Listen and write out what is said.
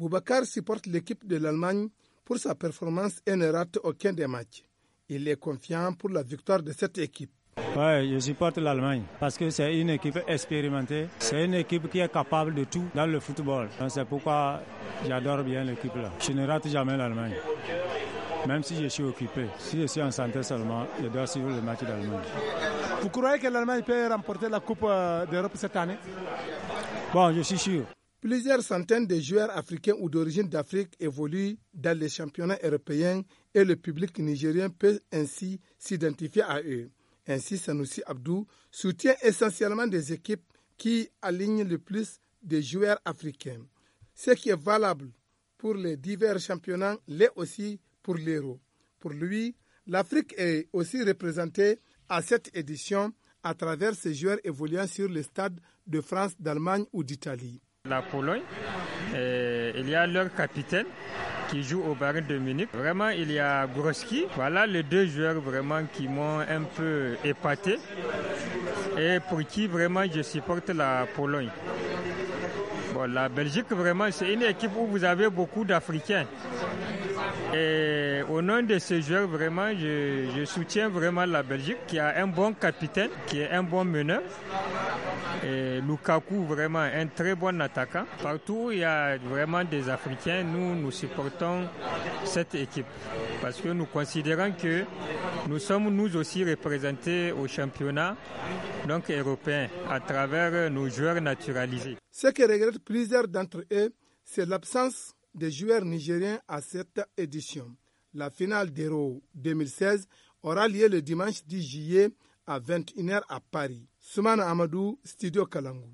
Boubacar supporte l'équipe de l'Allemagne pour sa performance et ne rate aucun des matchs. Il est confiant pour la victoire de cette équipe. Oui, je supporte l'Allemagne parce que c'est une équipe expérimentée. C'est une équipe qui est capable de tout dans le football. C'est pourquoi j'adore bien l'équipe là. Je ne rate jamais l'Allemagne. Même si je suis occupé, si je suis en santé seulement, je dois suivre le match d'Allemagne. Vous croyez que l'Allemagne peut remporter la Coupe euh, d'Europe cette année Bon, je suis sûr. Plusieurs centaines de joueurs africains ou d'origine d'Afrique évoluent dans les championnats européens et le public nigérien peut ainsi s'identifier à eux. Ainsi, Sanoussi Abdou soutient essentiellement des équipes qui alignent le plus de joueurs africains, ce qui est valable pour les divers championnats, l'est aussi pour l'Euro. Pour lui, l'Afrique est aussi représentée à cette édition à travers ses joueurs évoluant sur les stades de France, d'Allemagne ou d'Italie. La Pologne, et il y a leur capitaine qui joue au Bayern de Munich. Vraiment, il y a Groski. Voilà les deux joueurs vraiment qui m'ont un peu épaté et pour qui vraiment je supporte la Pologne. Bon, la Belgique, vraiment, c'est une équipe où vous avez beaucoup d'Africains. Et au nom de ce joueur, vraiment, je, soutiens vraiment la Belgique qui a un bon capitaine, qui est un bon meneur. Et Lukaku, vraiment un très bon attaquant. Partout, il y a vraiment des Africains. Nous, nous supportons cette équipe parce que nous considérons que nous sommes nous aussi représentés au championnat donc européen à travers nos joueurs naturalisés. Ce que regrettent plusieurs d'entre eux, c'est l'absence des joueurs nigériens à cette édition. La finale d'Euro 2016 aura lieu le dimanche 10 juillet à 21h à Paris. Soumana Amadou, Studio Kalangou.